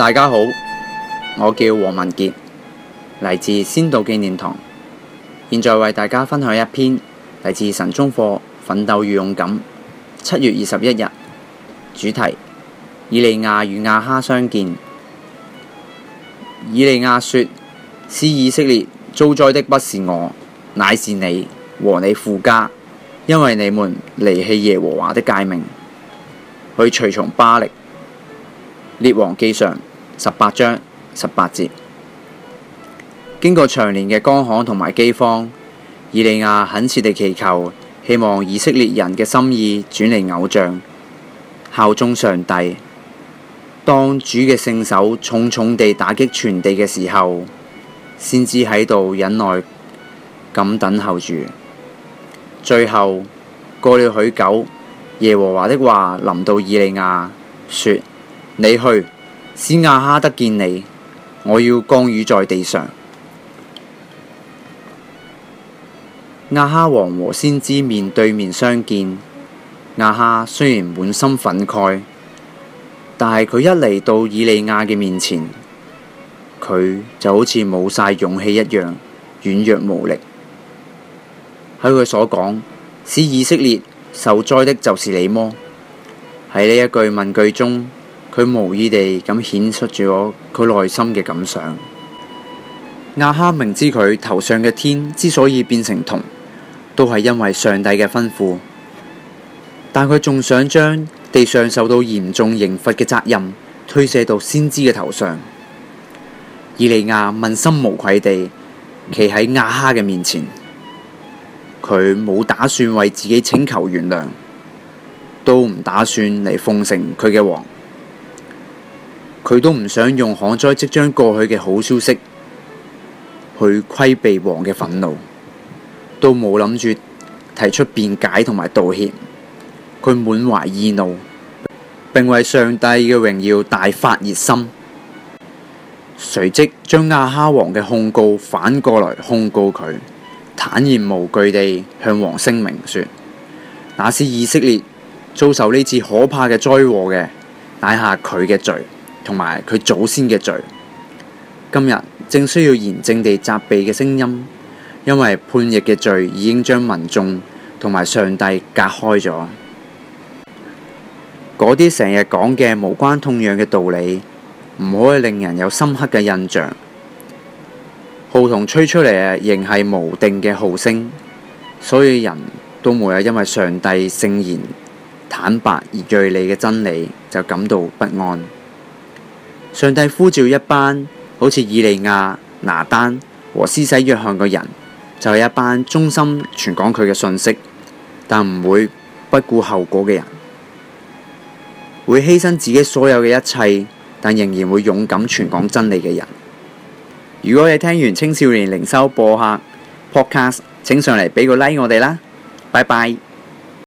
大家好，我叫黃文傑，嚟自先道紀念堂，現在為大家分享一篇嚟自神中課《奮鬥與勇敢》，七月二十一日，主題：以利亞與亞哈相見。以利亞說：使以色列遭災的不是我，乃是你和你父家，因為你們離棄耶和華的誡命，去隨從巴力。列王記上。十八章十八節，經過長年嘅乾旱同埋饑荒，以利亞懇切地祈求，希望以色列人嘅心意轉嚟偶像，效忠上帝。當主嘅聖手重重地打擊全地嘅時候，先至喺度忍耐咁等候住。最後過了許久，耶和華的話臨到以利亞，說：你去。使亞哈得見你，我要降雨在地上。亞哈王和先知面對面相見，亞哈雖然滿心憤慨，但係佢一嚟到以利亞嘅面前，佢就好似冇晒勇氣一樣軟弱無力。喺佢所講：使以色列受災的，就是你麼？喺呢一句問句中。佢無意地咁顯出住我佢內心嘅感想。亞哈明知佢頭上嘅天之所以變成銅，都係因為上帝嘅吩咐，但佢仲想將地上受到嚴重刑罰嘅責任推卸到先知嘅頭上。以利亞問心無愧地企喺亞哈嘅面前，佢冇打算為自己請求原諒，都唔打算嚟奉承佢嘅王。佢都唔想用旱災即將過去嘅好消息去規避王嘅憤怒，都冇諗住提出辯解同埋道歉。佢滿懷義怒，並為上帝嘅榮耀大發熱心，隨即將亞哈王嘅控告反過來控告佢，坦然無懼地向王聲明說：那是以色列遭受呢次可怕嘅災禍嘅，乃下佢嘅罪。同埋佢祖先嘅罪，今日正需要嚴正地責備嘅聲音，因為叛逆嘅罪已經將民眾同埋上帝隔開咗。嗰啲成日講嘅無關痛癢嘅道理，唔可以令人有深刻嘅印象。號筒吹出嚟嘅仍係無定嘅號聲，所以人都冇有因為上帝聖言坦白而銳利嘅真理就感到不安。上帝呼召一班好似以利亞、拿單和施洗約翰嘅人，就係、是、一班忠心傳講佢嘅信息，但唔會不顧後果嘅人，會犧牲自己所有嘅一切，但仍然會勇敢傳講真理嘅人。如果你聽完青少年靈修播客 podcast，請上嚟畀個 like 我哋啦，拜拜。